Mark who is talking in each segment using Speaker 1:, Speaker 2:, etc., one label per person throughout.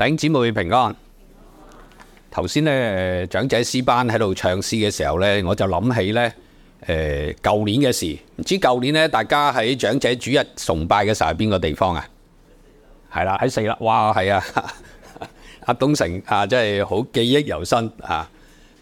Speaker 1: 弟兄姊妹平安。頭先咧長者詩班喺度唱詩嘅時候咧，我就諗起咧，誒，舊年嘅事，唔知舊年咧，大家喺長者主日崇拜嘅時候係邊個地方啊？係啦，喺四立，哇，係啊，阿東成啊，真係好記憶猶新啊。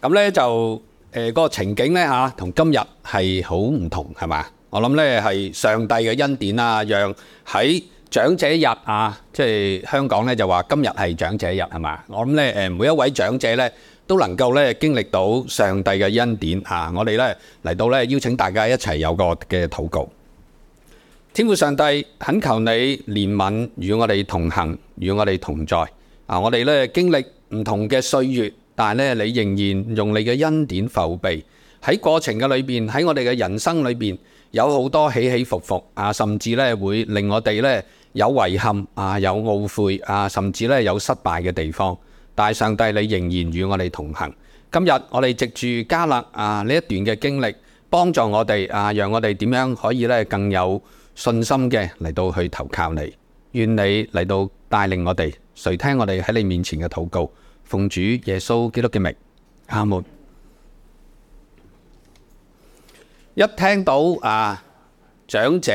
Speaker 1: 咁咧就誒，個情景咧吓，同今日係好唔同係嘛？我諗咧係上帝嘅恩典啊，讓喺。長者日啊，即係香港咧就話今日係長者日係嘛？我諗咧誒，每一位長者咧都能夠咧經歷到上帝嘅恩典啊！我哋咧嚟到咧邀請大家一齊有個嘅禱告。天父上帝，懇求你憐憫與我哋同行，與我哋同在啊！我哋咧經歷唔同嘅歲月，但係咧你仍然用你嘅恩典扶庇喺過程嘅裏邊，喺我哋嘅人生裏邊有好多起起伏伏啊，甚至咧會令我哋咧～有遺憾啊，有懊悔啊，甚至咧有失敗嘅地方，但係上帝，你仍然與我哋同行。今日我哋藉住迦勒啊呢一段嘅經歷，幫助我哋啊，讓我哋點樣可以咧更有信心嘅嚟到去投靠你。願你嚟到帶領我哋，垂聽我哋喺你面前嘅禱告，奉主耶穌基督嘅名，阿門。一聽到啊長者，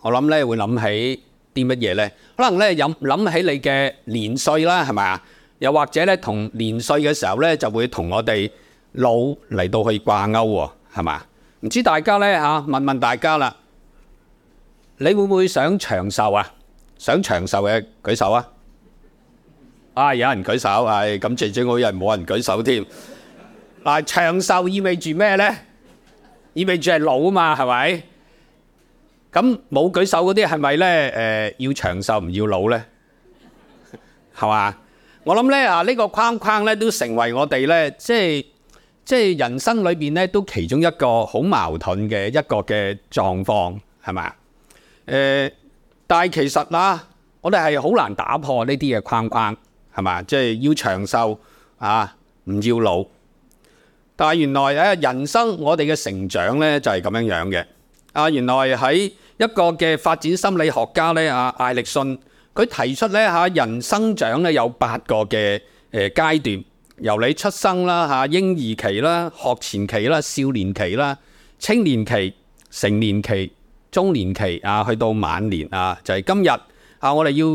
Speaker 1: 我諗咧會諗起。啲乜嘢咧？可能咧，有諗起你嘅年歲啦，係嘛？又或者咧，同年歲嘅時候咧，就會同我哋老嚟到去掛鈎喎，係嘛？唔知大家咧，啊，問問大家啦，你會唔會想長壽啊？想長壽嘅舉手啊！啊，有人舉手，係咁正正，好似係冇人舉手添。嗱，長壽意味住咩咧？意味住係老嘛？係咪？咁冇舉手嗰啲係咪咧？誒，要長壽唔要老咧？係嘛？我諗咧啊，呢個框框咧都成為我哋咧，即係即係人生裏邊咧都其中一個好矛盾嘅一個嘅狀況，係嘛？誒，但係其實啦，我哋係好難打破呢啲嘅框框，係嘛？即係要長壽啊，唔要老。但係原來誒，人生我哋嘅成長咧就係咁樣樣嘅。啊，原來喺一個嘅發展心理學家咧，啊，艾力信，佢提出咧嚇人生長咧有八個嘅誒階段，由你出生啦嚇，嬰兒期啦、學前期啦、少年期啦、青年期、成年期、中年期啊，去到晚年啊，就係今日啊，我哋要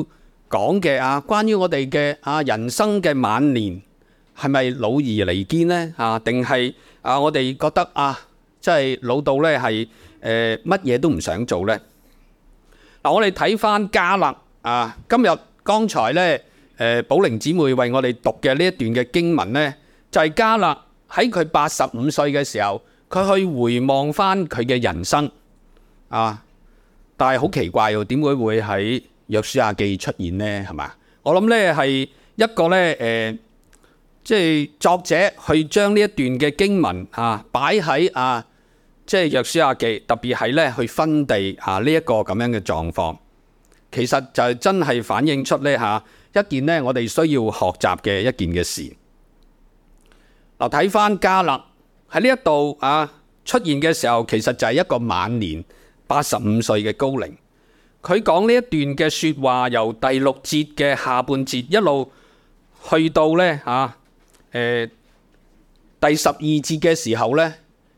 Speaker 1: 講嘅啊，關於我哋嘅啊人生嘅晚年係咪老而離堅老而彌堅咧啊？定係啊，我哋覺得啊，即係老到咧係。誒乜嘢都唔想做咧？嗱，我哋睇翻迦勒啊！今日剛才咧，誒寶玲姊妹為我哋讀嘅呢一段嘅經文咧，就係迦勒喺佢八十五歲嘅時候，佢去回望翻佢嘅人生啊！但係好奇怪喎，點解會喺約書亞記出現咧？係嘛？我諗咧係一個咧，誒，即係作者去將呢一段嘅經文啊擺喺啊。即係約書亞記，特別係咧去分地啊呢一個咁樣嘅狀況，其實就係真係反映出呢吓一件呢我哋需要學習嘅一件嘅事。嗱，睇返加勒喺呢一度啊出現嘅時候，其實就係一個晚年八十五歲嘅高齡。佢講呢一段嘅說話，由第六節嘅下半節一路去到呢，啊，誒，第十二節嘅時候呢。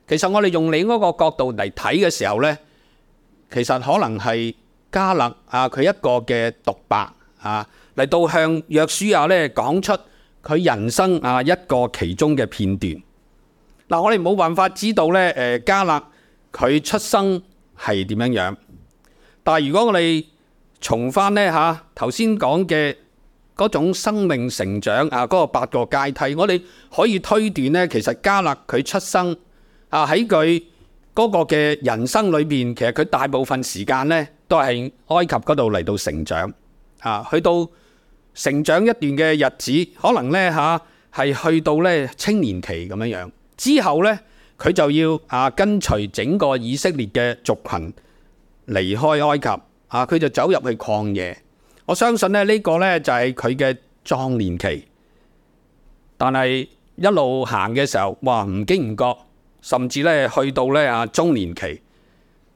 Speaker 1: 其實我哋用你嗰個角度嚟睇嘅時候呢，其實可能係迦勒啊，佢一個嘅獨白啊，嚟到向約書亞呢講出佢人生啊一個其中嘅片段。嗱、啊，我哋冇辦法知道呢，誒迦勒佢出生係點樣樣，但係如果我哋從翻呢，吓頭先講嘅嗰種生命成長啊，嗰、嗰個八個階梯，我哋可以推斷呢，其實迦勒佢出生。啊！喺佢嗰個嘅人生裏邊，其實佢大部分時間呢都係埃及嗰度嚟到成長啊。去到成長一段嘅日子，可能呢嚇係、啊、去到呢青年期咁樣樣之後呢，佢就要啊跟隨整個以色列嘅族群離開埃及啊。佢就走入去曠野，我相信呢呢、呢個呢就係佢嘅壯年期。但係一路行嘅時候，哇！唔經唔覺。甚至咧去到咧啊中年期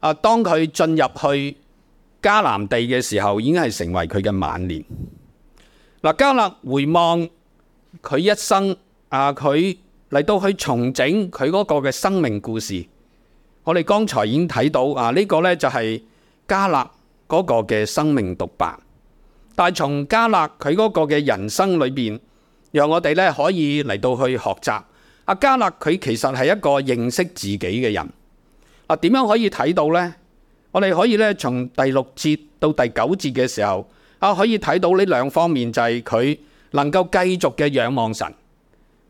Speaker 1: 啊，當佢進入去迦南地嘅時候，已經係成為佢嘅晚年。嗱，迦勒回望佢一生啊，佢嚟到去重整佢嗰個嘅生命故事。我哋剛才已經睇到啊，呢個咧就係迦勒嗰個嘅生命獨白。但係從迦勒佢嗰個嘅人生裏邊，讓我哋咧可以嚟到去學習。阿加勒佢其實係一個認識自己嘅人。嗱，點樣可以睇到呢？我哋可以咧從第六節到第九節嘅時候，啊，可以睇到呢兩方面，就係佢能夠繼續嘅仰望神，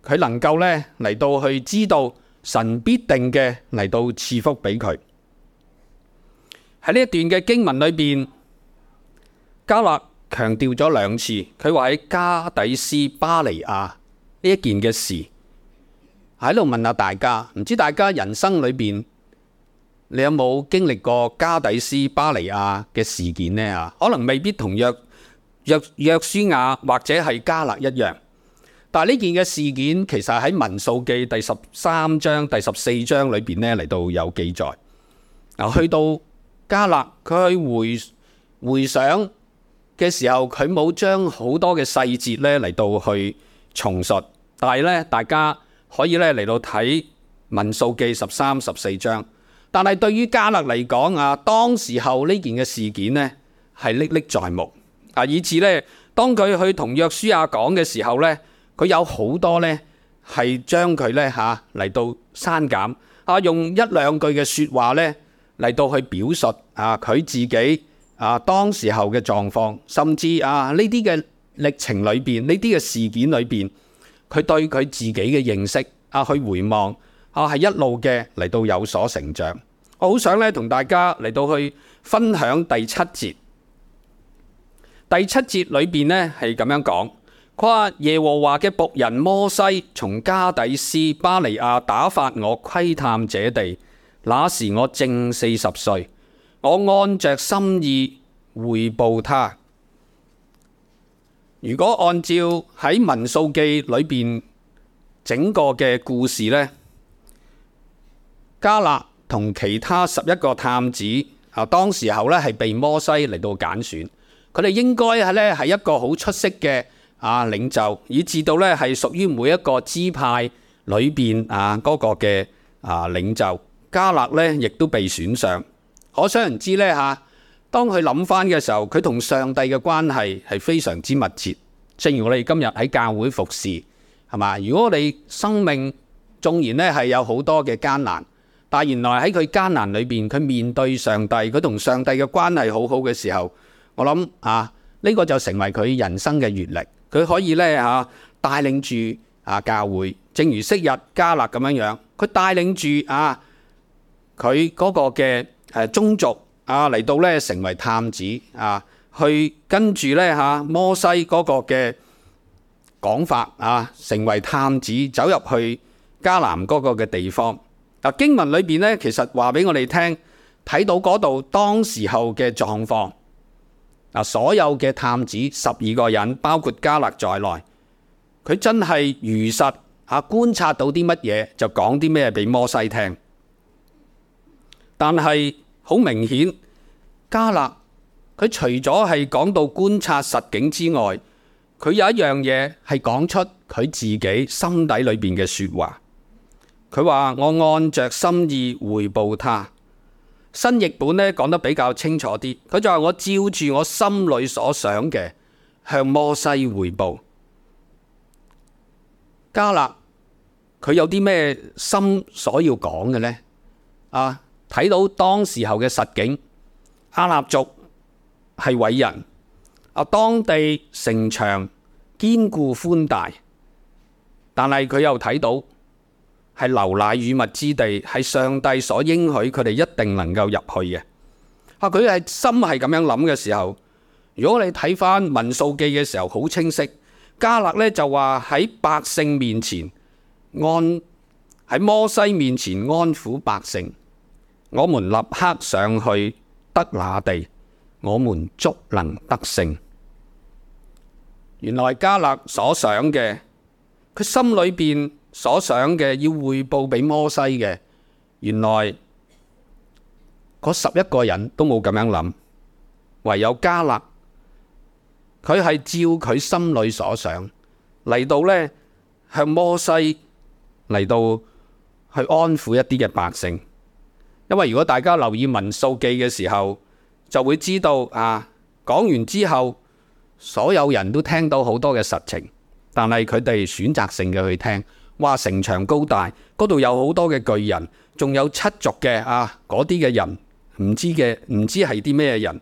Speaker 1: 佢能夠咧嚟到去知道神必定嘅嚟到賜福俾佢，喺呢一段嘅經文裏邊，加勒強調咗兩次，佢話喺加底斯巴利亞呢一件嘅事。喺度問下大家，唔知大家人生裏邊，你有冇經歷過加底斯巴尼亞嘅事件呢？啊，可能未必同約約約書亞或者係加勒一樣，但係呢件嘅事件其實喺民數記第十三章第十四章裏邊呢嚟到有記載。嗱，去到加勒，佢去回回想嘅時候，佢冇將好多嘅細節呢嚟到去重述，但係呢，大家，可以咧嚟到睇《民數記》十三、十四章，但係對於加勒嚟講啊，當時候呢件嘅事件呢係歷歷在目啊，以致呢，當佢去同約書亞講嘅時候呢，佢有好多呢係將佢呢吓嚟到刪減啊，用一兩句嘅説話呢嚟到去表述啊佢自己啊當時候嘅狀況，甚至啊呢啲嘅歷程裏邊呢啲嘅事件裏邊。佢對佢自己嘅認識啊，去回望啊，係一路嘅嚟到有所成長。我好想咧同大家嚟到去分享第七節。第七節裏邊呢，係咁樣講：跨耶和華嘅僕人摩西從加底斯巴尼亞打發我窺探這地，那時我正四十歲，我按着心意回報他。如果按照喺《民數記》裏邊整個嘅故事呢，加勒同其他十一個探子啊，當時候咧係被摩西嚟到揀選，佢哋應該係咧係一個好出色嘅啊領袖，以至到咧係屬於每一個支派裏邊啊嗰個嘅啊領袖，加勒呢亦都被選上。可想而知呢。吓、啊。當佢諗返嘅時候，佢同上帝嘅關係係非常之密切。正如我哋今日喺教會服侍，係嘛？如果你生命縱然咧係有好多嘅艱難，但原來喺佢艱難裏邊，佢面對上帝，佢同上帝嘅關係好好嘅時候，我諗啊，呢、這個就成為佢人生嘅閱歷。佢可以呢，吓、啊、帶領住啊教會，正如昔日迦勒咁樣樣，佢帶領住啊佢嗰個嘅宗、啊、族。啊，嚟到咧，成為探子啊，去跟住咧嚇摩西嗰個嘅講法啊，成為探子走入去迦南嗰個嘅地方。嗱、啊、經文裏邊咧，其實話俾我哋聽，睇到嗰度當時候嘅狀況。嗱、啊，所有嘅探子十二個人，包括迦勒在內，佢真係如實嚇、啊、觀察到啲乜嘢就講啲咩俾摩西聽，但係，好明顯，迦勒佢除咗係講到觀察實景之外，佢有一樣嘢係講出佢自己心底裏邊嘅説話。佢話：我按着心意回報他。新譯本呢講得比較清楚啲，佢就係我照住我心裡所想嘅向摩西回報。迦勒佢有啲咩心所要講嘅呢？啊！睇到當時候嘅實景，亞納族係偉人啊。當地城牆堅固寬大，但係佢又睇到係流奶與蜜之地，係上帝所應許佢哋一定能夠入去嘅啊。佢係心係咁樣諗嘅時候，如果你睇返《民數記》嘅時候，好清晰。加勒呢就話喺百姓面前安，喺摩西面前安撫百姓。我們立刻上去得那地，我們足能得勝。原來加勒所想嘅，佢心裏邊所想嘅，要匯報俾摩西嘅。原來嗰十一個人都冇咁樣諗，唯有加勒，佢係照佢心裏所想嚟到呢，向摩西嚟到去安撫一啲嘅百姓。因為如果大家留意《民數記》嘅時候，就會知道啊，講完之後，所有人都聽到好多嘅實情，但係佢哋選擇性嘅去聽。哇，城牆高大，嗰度有好多嘅巨人，仲有七族嘅啊，嗰啲嘅人唔知嘅，唔知係啲咩人。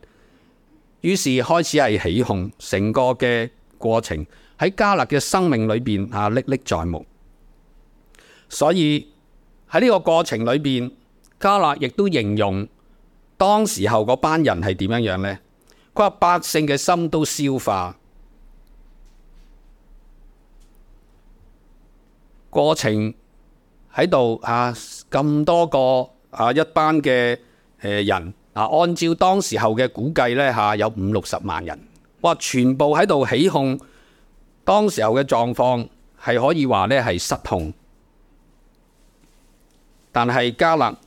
Speaker 1: 於是開始係起哄，成個嘅過程喺加勒嘅生命裏邊啊，歷歷在目。所以喺呢個過程裏邊。迦勒亦都形容當時候嗰班人係點樣樣呢？佢話百姓嘅心都消化過程喺度啊！咁多個啊一班嘅誒人啊，按照當時候嘅估計呢吓，有五六十萬人哇！全部喺度起鬨，當時候嘅狀況係可以話呢係失控，但係迦勒。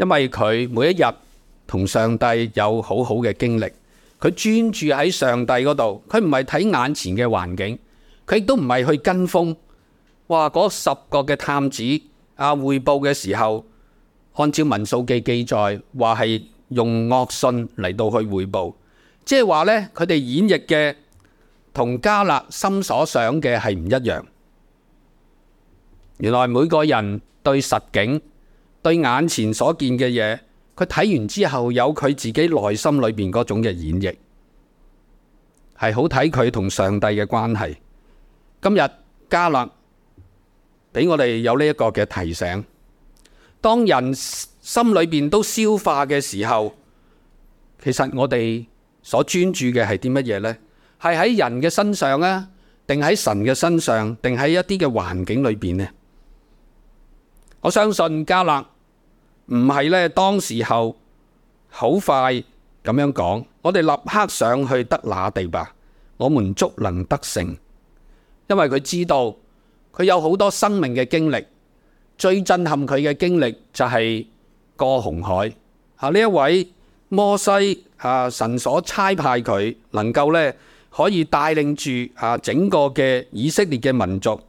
Speaker 1: 因為佢每一日同上帝有好好嘅經歷，佢專注喺上帝嗰度，佢唔係睇眼前嘅環境，佢亦都唔係去跟風。話嗰十個嘅探子啊匯報嘅時候，按照民數記記載，話係用惡信嚟到去匯報，即係話呢，佢哋演繹嘅同迦勒心所想嘅係唔一樣。原來每個人對實景。對眼前所見嘅嘢，佢睇完之後有佢自己內心裏邊嗰種嘅演繹，係好睇佢同上帝嘅關係。今日迦勒俾我哋有呢一個嘅提醒，當人心裏邊都消化嘅時候，其實我哋所專注嘅係啲乜嘢呢？係喺人嘅身上啊，定喺神嘅身上，定喺一啲嘅環境裏邊呢？我相信迦勒唔係咧當時候好快咁樣講，我哋立刻上去得那地吧，我們足能得勝，因為佢知道佢有好多生命嘅經歷，最震撼佢嘅經歷就係過紅海。啊呢一位摩西啊神所差派佢，能夠咧可以帶領住啊整個嘅以色列嘅民族。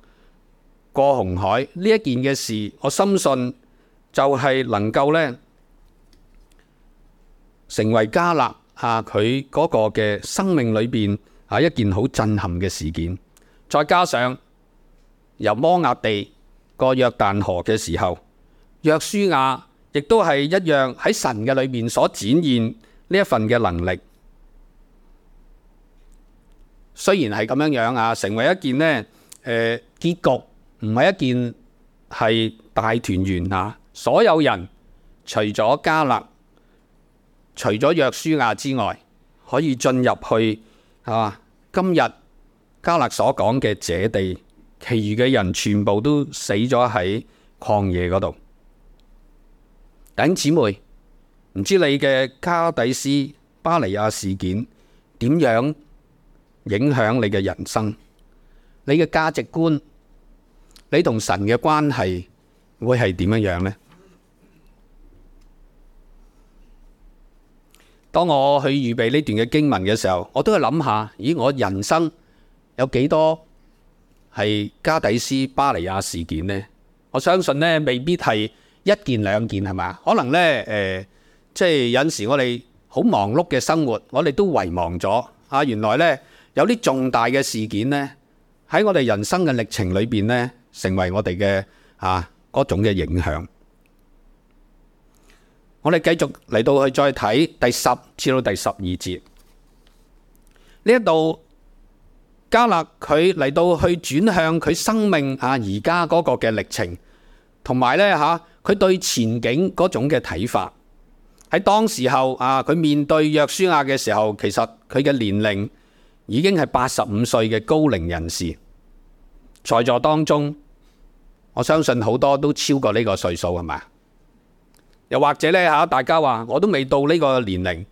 Speaker 1: 過紅海呢一件嘅事，我深信就係能夠呢成為加勒啊佢嗰個嘅生命裏邊啊一件好震撼嘅事件。再加上由摩押地過約旦河嘅時候，約書亞亦都係一樣喺神嘅裏面所展現呢一份嘅能力。雖然係咁樣樣啊，成為一件呢誒、呃、結局。唔係一件係大團圓啊！所有人除咗迦勒、除咗約書亞之外，可以進入去係嘛？今日迦勒所講嘅這地，其餘嘅人全部都死咗喺曠野嗰度。弟兄姊妹，唔知你嘅加低斯巴尼亞事件點樣影響你嘅人生？你嘅價值觀？你同神嘅關係會係點樣樣呢？當我去預備呢段嘅經文嘅時候，我都係諗下，咦？我人生有幾多係加底斯巴尼亞事件呢？我相信呢，未必係一件兩件係咪？可能呢，誒、呃，即係有陣時我哋好忙碌嘅生活，我哋都遺忘咗啊！原來呢，有啲重大嘅事件呢，喺我哋人生嘅歷程裏邊呢。成為我哋嘅啊嗰種嘅影響。我哋繼續嚟到去再睇第十至到第十二節呢一度，加勒佢嚟到去轉向佢生命啊而家嗰個嘅歷程，同埋呢，嚇、啊、佢對前景嗰種嘅睇法，喺當時候啊佢面對約書亞嘅時候，其實佢嘅年齡已經係八十五歲嘅高齡人士。在座當中,我相信好多都超過呢個歲數,係咪?又或者呢吓，大家話我都未到呢個年齡，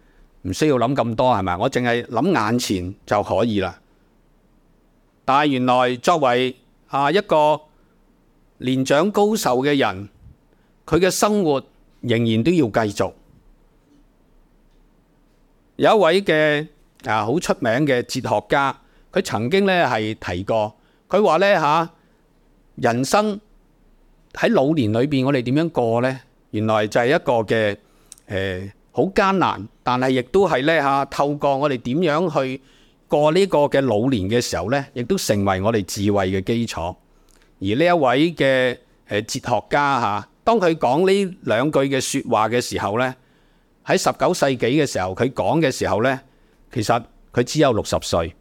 Speaker 1: 唔需要諗咁多，係咪？我淨係諗眼前就可以啦。但係原來作為啊一個年長高壽嘅人，佢嘅生活仍然都要繼續。有一位嘅啊好出名嘅哲學家，佢曾經呢係提過。佢話咧嚇，人生喺老年裏邊，我哋點樣過呢？原來就係一個嘅誒，好、呃、艱難，但係亦都係咧嚇。透過我哋點樣去過呢個嘅老年嘅時候呢，亦都成為我哋智慧嘅基礎。而呢一位嘅哲學家嚇、啊，當佢講呢兩句嘅説話嘅時候呢，喺十九世紀嘅時候佢講嘅時候呢，其實佢只有六十歲。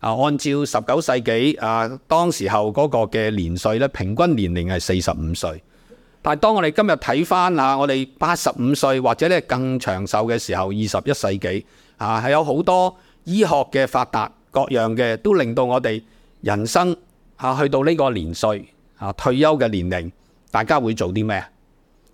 Speaker 1: 啊，按照十九世紀啊，當時候嗰個嘅年歲咧，平均年齡係四十五歲。但係當我哋今日睇翻啊，我哋八十五歲或者咧更長壽嘅時候，二十一世紀啊，係有好多醫學嘅發達，各樣嘅都令到我哋人生啊去到呢個年歲啊退休嘅年齡，大家會做啲咩？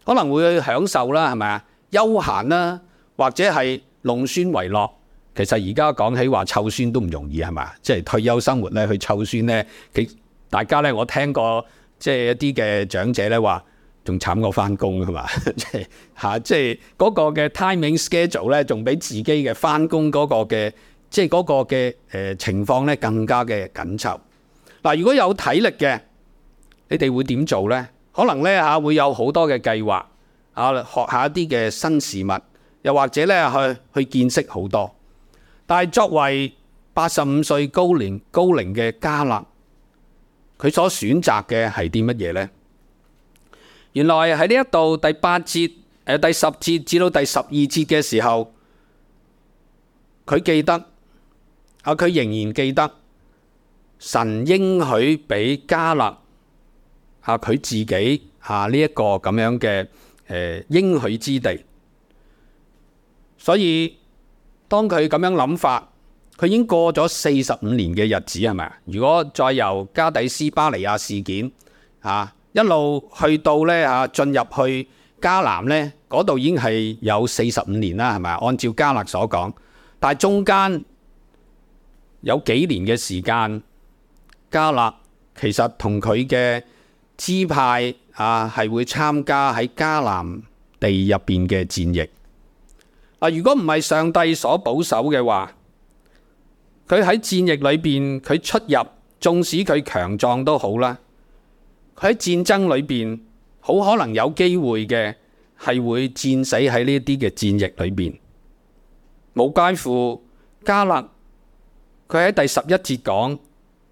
Speaker 1: 可能會享受啦，係咪啊？休閒啦，或者係弄孫為樂。其實而家講起話湊孫都唔容易係嘛，即係退休生活咧去湊孫咧。幾大家咧，我聽過即係一啲嘅長者咧話，仲慘過翻工係嘛？ 即係嚇，即係嗰個嘅 timing schedule 咧，仲比自己嘅翻工嗰個嘅即係嗰個嘅誒情況咧更加嘅緊湊嗱、啊。如果有體力嘅，你哋會點做咧？可能咧嚇、啊、會有好多嘅計劃啊，學一下一啲嘅新事物，又或者咧去去見識好多。但係作為八十五歲高齡高齡嘅加勒，佢所選擇嘅係啲乜嘢呢？原來喺呢一度第八節、呃、第十節至到第十二節嘅時候，佢記得啊，佢仍然記得神應許俾加勒啊佢自己啊呢一個、這個咁樣嘅誒、呃、應許之地，所以。當佢咁樣諗法，佢已經過咗四十五年嘅日子，係咪？如果再由加底斯巴尼亞事件啊一路去到呢，啊，進入去加南呢，嗰度已經係有四十五年啦，係咪？按照加勒所講，但係中間有幾年嘅時間，加勒其實同佢嘅支派啊係會參加喺加南地入邊嘅戰役。啊！如果唔係上帝所保守嘅話，佢喺戰役裏邊佢出入，縱使佢強壯都好啦。佢喺戰爭裏邊好可能有機會嘅係會戰死喺呢啲嘅戰役裏邊。冇街乎，加勒，佢喺第十一節講，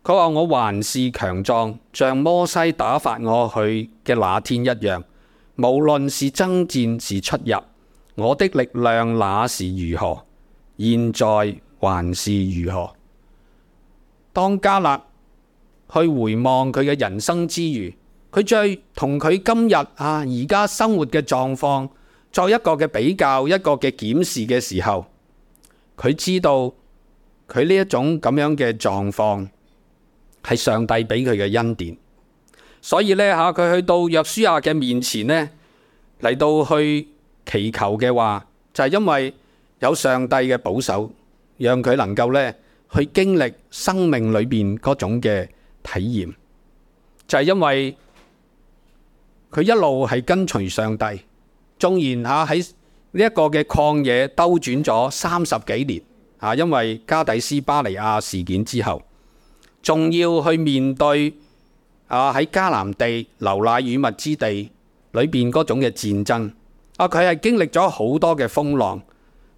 Speaker 1: 佢話我還是強壯，像摩西打發我去嘅那天一樣，無論是爭戰是出入。我的力量那是如何，現在還是如何？當迦勒去回望佢嘅人生之餘，佢再同佢今日啊而家生活嘅狀況作一個嘅比較，一個嘅檢視嘅時候，佢知道佢呢一種咁樣嘅狀況係上帝俾佢嘅恩典，所以呢，吓、啊、佢去到約書亞嘅面前呢，嚟到去。祈求嘅話，就係因為有上帝嘅保守，讓佢能夠咧去經歷生命裏邊嗰種嘅體驗。就係因為佢一路係跟隨上帝，縱然啊喺呢一個嘅曠野兜轉咗三十幾年，啊因為加底斯巴尼亞事件之後，仲要去面對啊喺迦南地流奶與蜜之地裏邊嗰種嘅戰爭。啊！佢係經歷咗好多嘅風浪，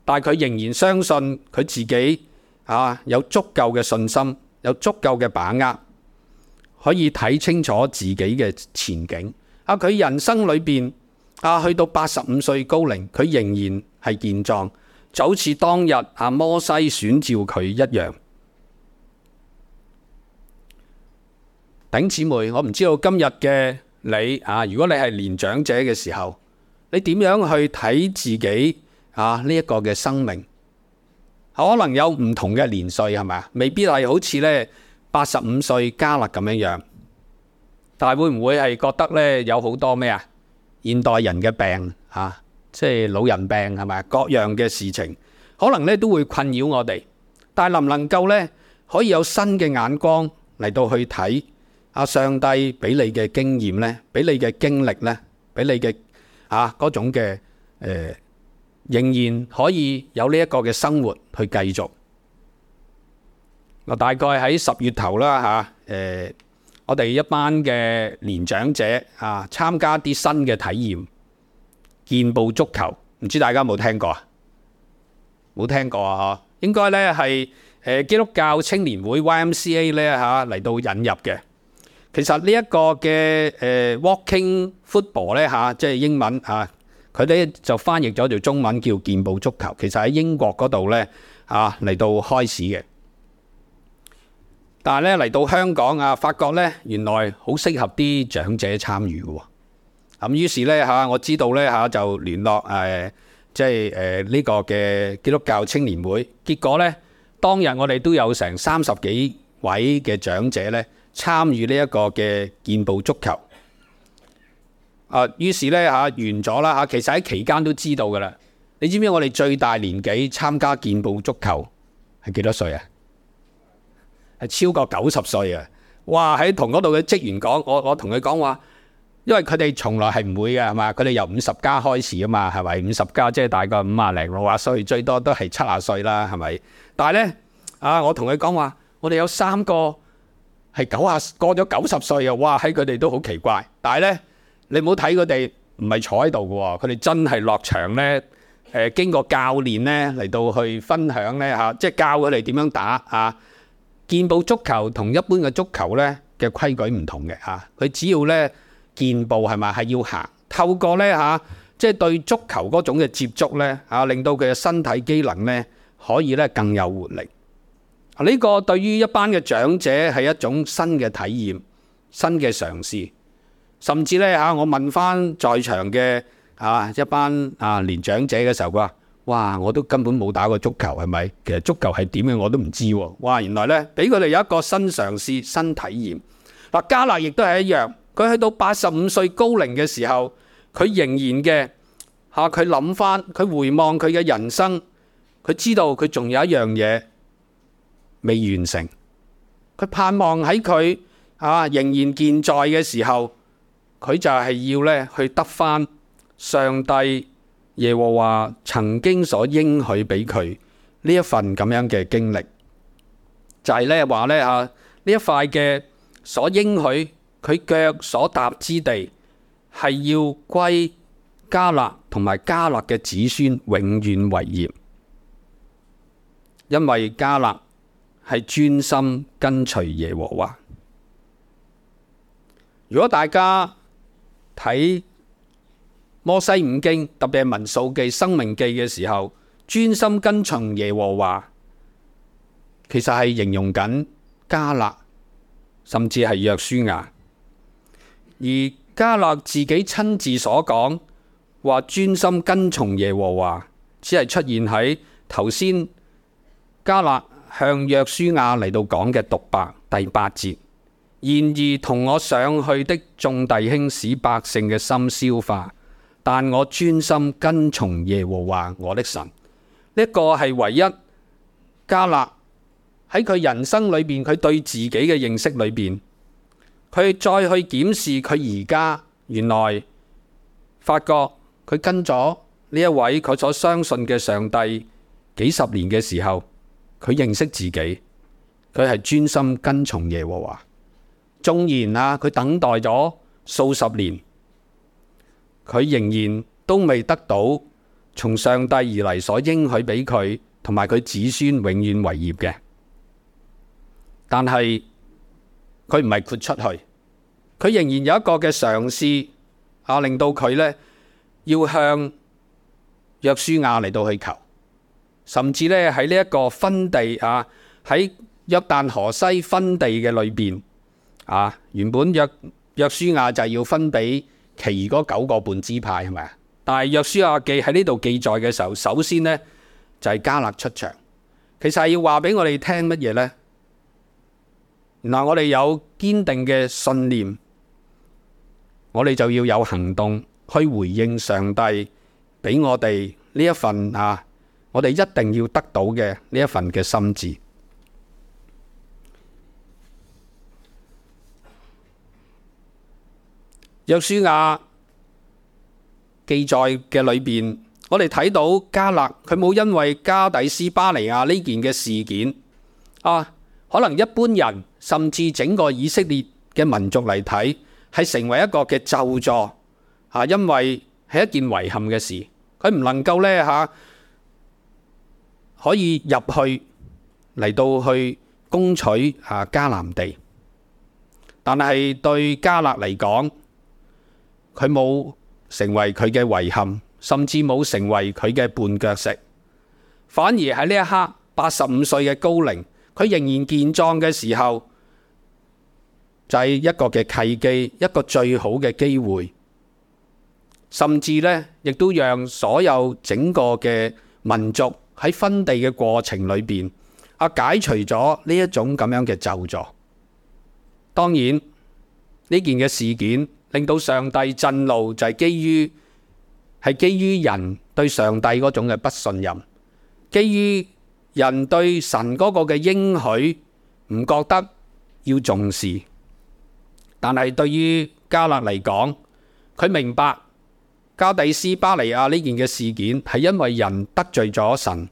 Speaker 1: 但係佢仍然相信佢自己啊，有足夠嘅信心，有足夠嘅把握，可以睇清楚自己嘅前景。啊！佢人生裏邊啊，去到八十五歲高齡，佢仍然係健壯，就好似當日阿摩西選召佢一樣。弟兄姊妹，我唔知道今日嘅你啊，如果你係年長者嘅時候。你點樣去睇自己啊？呢一個嘅生命，可能有唔同嘅年歲，係咪啊？未必係好似咧八十五歲迦勒咁樣樣，但係會唔會係覺得咧有好多咩啊？現代人嘅病啊，即係老人病係咪啊？各樣嘅事情，可能咧都會困擾我哋，但係能唔能夠咧可以有新嘅眼光嚟到去睇啊？上帝俾你嘅經驗咧，俾你嘅經歷咧，俾你嘅。嚇嗰種嘅誒，仍然可以有呢一個嘅生活去繼續。嗱，大概喺十月頭啦嚇，誒，我哋一班嘅年長者啊，參加啲新嘅體驗，健步足球，唔知大家有冇聽過啊？冇聽過啊？嗬，應該咧係誒基督教青年會 YMCA 咧嚇嚟到引入嘅。其實呢一個嘅誒 walking football 咧嚇，即係英文嚇，佢哋就翻譯咗做中文叫健步足球。其實喺英國嗰度咧嚇嚟到開始嘅，但係咧嚟到香港啊，發覺咧原來好適合啲長者參與嘅喎。咁於是咧嚇，我知道咧嚇就聯絡誒即係誒呢個嘅基督教青年會。結果咧當日我哋都有成三十幾位嘅長者咧。參與呢一個嘅健步足球，啊，於是呢，嚇、啊、完咗啦嚇。其實喺期間都知道㗎喇。你知唔知我哋最大年紀參加健步足球係幾多歲啊？係超過九十歲啊！哇！喺同嗰度嘅職員講，我我同佢講話，因為佢哋從來係唔會嘅係嘛，佢哋由五十加開始啊嘛，係咪？五十加即係大概五啊零六啊歲，最多都係七啊歲啦，係咪？但係呢，啊，我同佢講話，我哋有三個。係九十啊，過咗九十歲啊！哇，喺佢哋都好奇怪。但係咧，你唔好睇佢哋，唔係坐喺度嘅喎。佢哋真係落場咧，誒，經過教練咧嚟到去分享咧嚇，即係教佢哋點樣打啊。健步足球同一般嘅足球咧嘅規矩唔同嘅嚇，佢只要咧健步係咪？係要行透過咧嚇，即係對足球嗰種嘅接觸咧嚇，令到佢嘅身體機能咧可以咧更有活力。呢個對於一班嘅長者係一種新嘅體驗、新嘅嘗試，甚至呢，嚇我問翻在場嘅嚇、啊、一班啊年長者嘅時候，佢話，哇！我都根本冇打過足球，係咪？其實足球係點嘅我都唔知喎、啊。哇！原來呢，俾佢哋有一個新嘗試、新體驗。嗱，迦勒亦都係一樣，佢去到八十五歲高齡嘅時候，佢仍然嘅嚇佢諗翻，佢、啊、回，回望佢嘅人生，佢知道佢仲有一樣嘢。未完成，佢盼望喺佢啊仍然健在嘅時候，佢就係要咧去得返上帝耶和華曾經所應許俾佢呢一份咁樣嘅經歷，就係呢話呢：呢「啊呢一塊嘅所應許佢腳所踏之地係要歸迦勒同埋迦勒嘅子孫永遠為業，因為迦勒。係專心跟隨耶和華。如果大家睇摩西五經，特別係民數記、生命記嘅時候，專心跟從耶和華，其實係形容緊加勒，甚至係約書亞。而加勒自己親自所講，話專心跟從耶和華，只係出現喺頭先加勒。向約書亞嚟到講嘅獨白第八節，然而同我上去的眾弟兄，使百姓嘅心消化，但我專心跟從耶和華我的神。呢、這個係唯一迦勒喺佢人生裏邊，佢對自己嘅認識裏邊，佢再去檢視佢而家，原來發覺佢跟咗呢一位佢所相信嘅上帝幾十年嘅時候。佢認識自己，佢係專心跟從耶和華。縱然啦、啊，佢等待咗數十年，佢仍然都未得到從上帝而嚟所應許俾佢同埋佢子孫永遠為業嘅。但係佢唔係豁出去，佢仍然有一個嘅嘗試啊，令到佢呢要向約書亞嚟到去求。甚至咧，喺呢一個分地啊，喺約旦河西分地嘅裏邊啊，原本約約書亞就係要分俾其餘嗰九個半支派係咪啊？但係約書亞記喺呢度記載嘅時候，首先呢就係、是、加勒出場。其實係要話俾我哋聽乜嘢咧？嗱，我哋有堅定嘅信念，我哋就要有行動去回應上帝俾我哋呢一份啊。我哋一定要得到嘅呢一份嘅心智。約書亞記載嘅裏邊，我哋睇到加勒佢冇因為加底斯巴尼亞呢件嘅事件啊，可能一般人甚至整個以色列嘅民族嚟睇，係成為一個嘅咒詛啊，因為係一件遺憾嘅事，佢唔能夠咧吓。可以入去嚟到去攻取啊迦南地，但係對迦勒嚟講，佢冇成為佢嘅遺憾，甚至冇成為佢嘅絆腳石，反而喺呢一刻八十五歲嘅高齡，佢仍然健壯嘅時候，就係一個嘅契機，一個最好嘅機會，甚至呢亦都讓所有整個嘅民族。喺分地嘅過程裏邊，阿、啊、解除咗呢一種咁樣嘅咒詛。當然呢件嘅事件令到上帝震怒就，就係基於係基於人對上帝嗰種嘅不信任，基於人對神嗰個嘅應許唔覺得要重視。但係對於迦勒嚟講，佢明白。加低斯巴尼亞呢件嘅事件係因為人得罪咗神，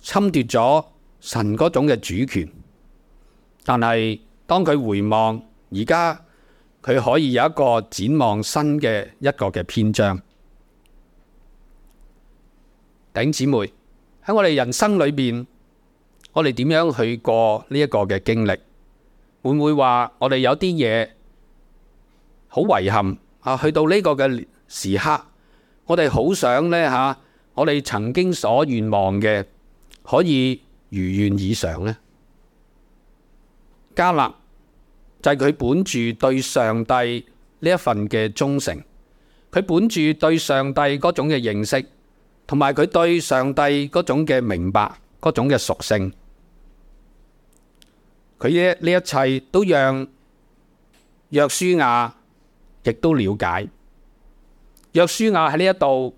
Speaker 1: 侵奪咗神嗰種嘅主權。但係當佢回望而家，佢可以有一個展望新嘅一個嘅篇章。頂姊妹喺我哋人生裏邊，我哋點樣去過呢一個嘅經歷？會唔會話我哋有啲嘢好遺憾啊？去到呢個嘅。時刻，我哋好想呢。嚇，我哋曾經所願望嘅可以如願以償呢。迦勒就係佢本住對上帝呢一份嘅忠誠，佢本住對上帝嗰種嘅認識，同埋佢對上帝嗰種嘅明白，嗰種嘅屬性，佢呢一切都讓約書亞亦都了解。約書亞喺呢一度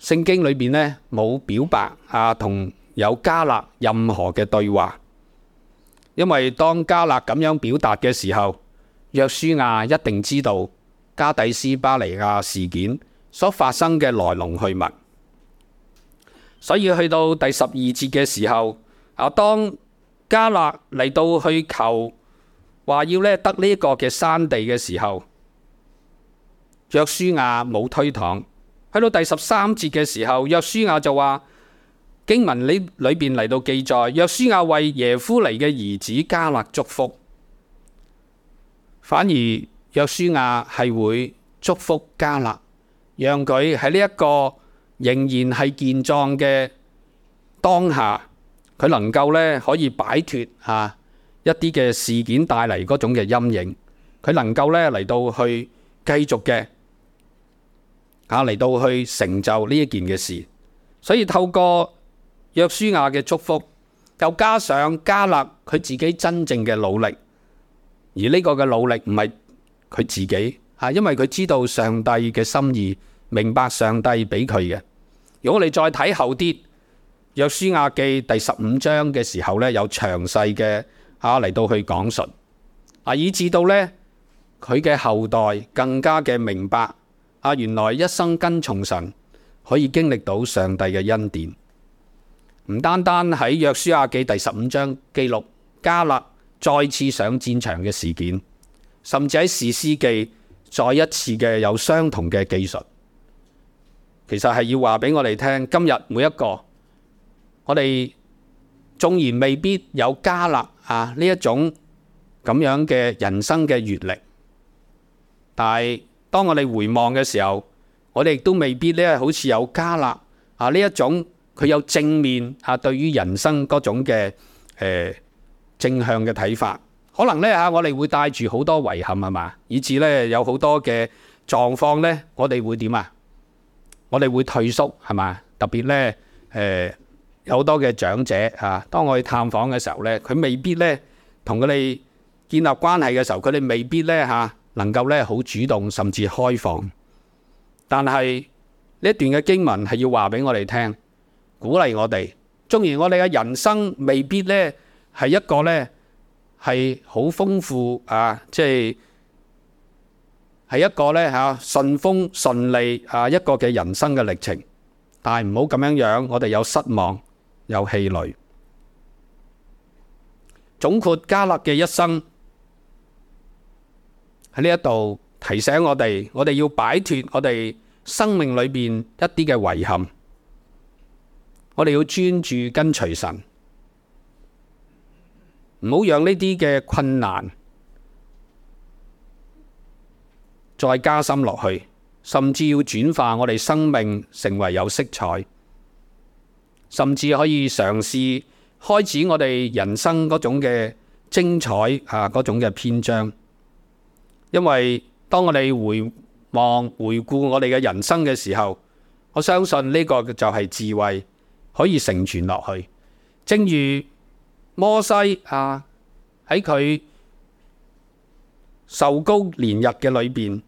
Speaker 1: 聖經裏邊呢冇表白啊，同有加勒任何嘅對話，因為當加勒咁樣表達嘅時候，約書亞一定知道加低斯巴尼亞事件所發生嘅來龍去脈，所以去到第十二節嘅時候啊，當加勒嚟到去求話要呢得呢個嘅山地嘅時候。約書亞冇推搪，去到第十三節嘅時候，約書亞就話，經文呢裏裏邊嚟到記載，約書亞為耶夫尼嘅兒子加勒祝福，反而約書亞係會祝福加勒，讓佢喺呢一個仍然係健壯嘅當下，佢能夠呢可以擺脫吓一啲嘅事件帶嚟嗰種嘅陰影，佢能夠呢嚟到去繼續嘅。啊！嚟到去成就呢一件嘅事，所以透過約書亞嘅祝福，又加上加勒佢自己真正嘅努力，而呢個嘅努力唔係佢自己啊，因為佢知道上帝嘅心意，明白上帝俾佢嘅。如果你再睇後啲約書亞記第十五章嘅時候呢，有詳細嘅啊嚟到去講述，啊，以至到呢，佢嘅後代更加嘅明白。啊，原來一生跟從神可以經歷到上帝嘅恩典，唔單單喺《約書亞記》第十五章記錄加勒再次上戰場嘅事件，甚至喺《士師記》再一次嘅有相同嘅記述，其實係要話俾我哋聽，今日每一個我哋縱然未必有加勒啊呢一種咁樣嘅人生嘅閱歷，但係。當我哋回望嘅時候，我哋亦都未必咧，好似有迦勒啊呢一種佢有正面嚇、啊、對於人生嗰種嘅誒、呃、正向嘅睇法，可能咧嚇我哋會帶住好多遺憾係嘛？以至咧有好多嘅狀況咧，我哋會點啊？我哋會退縮係嘛？特別咧誒、呃，有好多嘅長者嚇、啊，當我去探訪嘅時候咧，佢未必咧同佢哋建立關係嘅時候，佢哋未必咧嚇。啊能夠咧好主動，甚至開放。但係呢一段嘅經文係要話俾我哋聽，鼓勵我哋。縱然我哋嘅人生未必咧係一個咧係好豐富啊，即係係一個咧吓順風順利啊一個嘅人生嘅歷程。但係唔好咁樣樣，我哋有失望，有氣餒。總括迦勒嘅一生。呢一度提醒我哋，我哋要擺脫我哋生命裏邊一啲嘅遺憾，我哋要專注跟隨神，唔好讓呢啲嘅困難再加深落去，甚至要轉化我哋生命成為有色彩，甚至可以嘗試開始我哋人生嗰種嘅精彩啊，嗰種嘅篇章。因為當我哋回望回顧我哋嘅人生嘅時候，我相信呢個就係智慧可以承傳落去。正如摩西啊，喺佢壽高年日嘅裏邊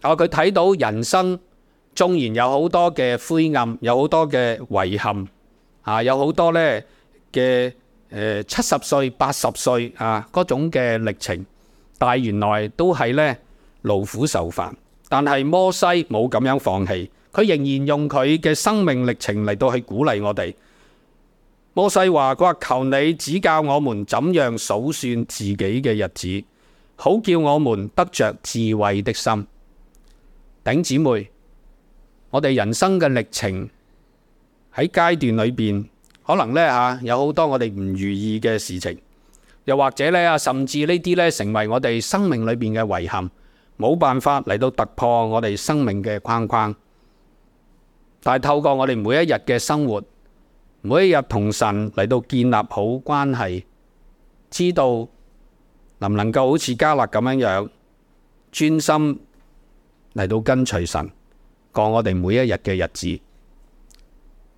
Speaker 1: 啊，佢睇到人生縱然有好多嘅灰暗，有好多嘅遺憾啊，有好多呢嘅誒七十歲八十歲啊嗰種嘅歷程。但原來都係呢勞苦受煩，但係摩西冇咁樣放棄，佢仍然用佢嘅生命歷程嚟到去鼓勵我哋。摩西話，佢話求你指教我們怎樣數算自己嘅日子，好叫我們得着智慧的心。頂姊妹，我哋人生嘅歷程喺階段裏邊，可能呢吓有好多我哋唔如意嘅事情。又或者咧啊，甚至呢啲咧，成為我哋生命裏邊嘅遺憾，冇辦法嚟到突破我哋生命嘅框框。但係透過我哋每一日嘅生活，每一日同神嚟到建立好關係，知道能唔能夠好似迦勒咁樣樣專心嚟到跟隨神過我哋每一日嘅日子，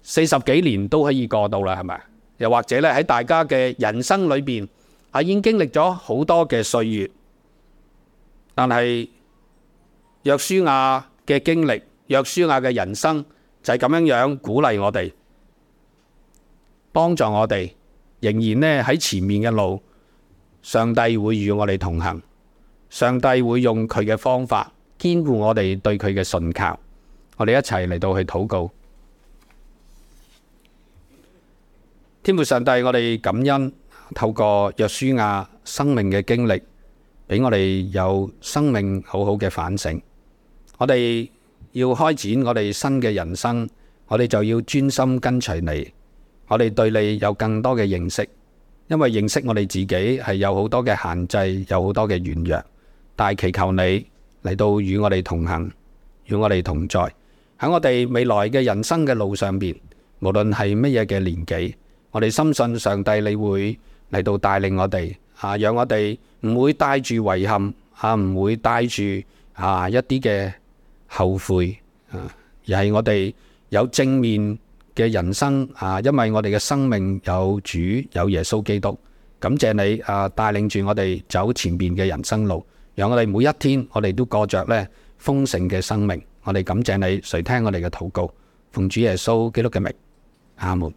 Speaker 1: 四十幾年都可以過到啦，係咪？又或者咧喺大家嘅人生裏邊。阿燕經，經歷咗好多嘅歲月，但係約書亞嘅經歷、約書亞嘅人生就係咁樣樣鼓勵我哋，幫助我哋，仍然呢喺前面嘅路上，上帝會與我哋同行，上帝會用佢嘅方法堅固我哋對佢嘅信靠，我哋一齊嚟到去禱告，天父上帝，我哋感恩。透過約書亞、啊、生命嘅經歷，俾我哋有生命好好嘅反省。我哋要開展我哋新嘅人生，我哋就要專心跟隨你。我哋對你有更多嘅認識，因為認識我哋自己係有好多嘅限制，有好多嘅軟弱。但係祈求你嚟到與我哋同行，與我哋同在，喺我哋未來嘅人生嘅路上邊，無論係乜嘢嘅年紀，我哋深信上帝你會。嚟到帶領我哋啊，讓我哋唔會帶住遺憾啊，唔會帶住啊一啲嘅後悔啊，而係我哋有正面嘅人生啊，因為我哋嘅生命有主有耶穌基督。感謝你啊，帶領住我哋走前面嘅人生路，讓我哋每一天我哋都過著咧豐盛嘅生命。我哋感謝你，垂聽我哋嘅禱告，奉主耶穌基督嘅名，阿門。